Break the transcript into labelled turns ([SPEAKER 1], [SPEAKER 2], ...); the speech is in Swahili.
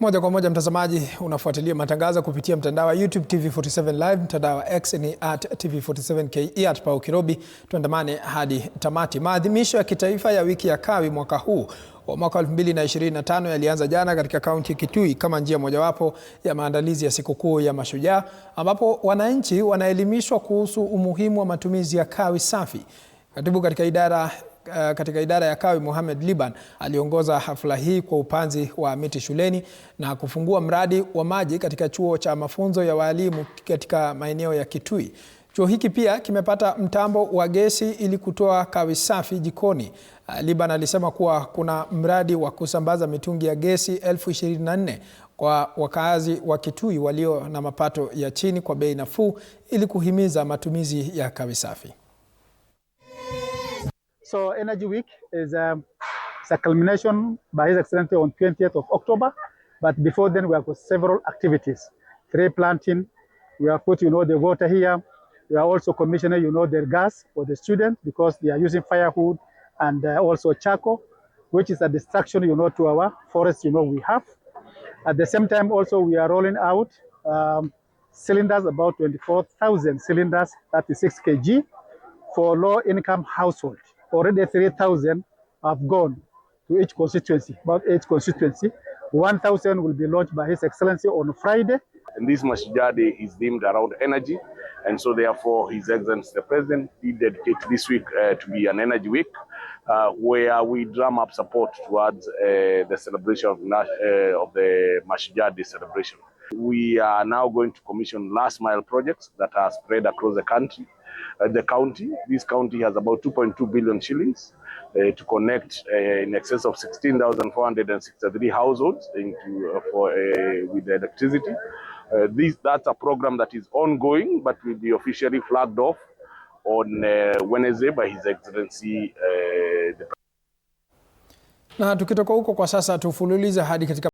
[SPEAKER 1] Moja kwa moja mtazamaji, unafuatilia matangazo kupitia mtandao wa YouTube TV47 Live, mtandao wa X ni at TV47KE at Pau Kirobi. Tuandamane hadi tamati. Maadhimisho ya kitaifa ya wiki ya kawi mwaka huu wa mwaka 2025 yalianza jana katika kaunti ya Kitui kama njia mojawapo ya maandalizi ya sikukuu ya Mashujaa, ambapo wananchi wanaelimishwa kuhusu umuhimu wa matumizi ya kawi safi. Katibu katika idara Eh, katika idara ya Kawi Mohamed Liban aliongoza hafla hii kwa upanzi wa miti shuleni na kufungua mradi wa maji katika chuo cha mafunzo ya walimu katika maeneo ya Kitui. Chuo hiki pia kimepata mtambo wa gesi ili kutoa kawi safi jikoni. Eh, Liban alisema kuwa kuna mradi wa kusambaza mitungi ya gesi elfu 24 kwa wakaazi wa Kitui walio na mapato ya chini kwa bei nafuu ili kuhimiza matumizi ya kawi safi.
[SPEAKER 2] So Energy Week is um, a culmination by His Excellency on 20th of October. But before then, we have got several activities. Tree planting, we have put, you know, the water here. We are also commissioning, you know, the gas for the students because they are using firewood and uh, also charcoal, which is a distraction, you know, to our forest, you know, we have. At the same time, also, we are rolling out um, cylinders, about 24,000 cylinders, 36 kg, for low-income households already 3,000 have gone to each constituency, about each constituency. 1,000 will be launched by His Excellency on Friday.
[SPEAKER 3] And this Masjid Day is themed around energy, and so therefore His Excellency the President did dedicate this week uh, to be an energy week, uh, where we drum up support towards uh, the celebration of, uh, of the Masjid Day celebration. We are now going to commission last mile projects that are spread across the country. Uh, the county, this county has about 2.2 billion shillings uh, to connect uh, in excess of 16,463 households into, uh, for, uh, with electricity. Uh, this, that's a program that is ongoing but will be officially flagged off on uh, Wednesday by His Excellency uh, the... Na tukitoka huko kwa sasa tufululize hadi katika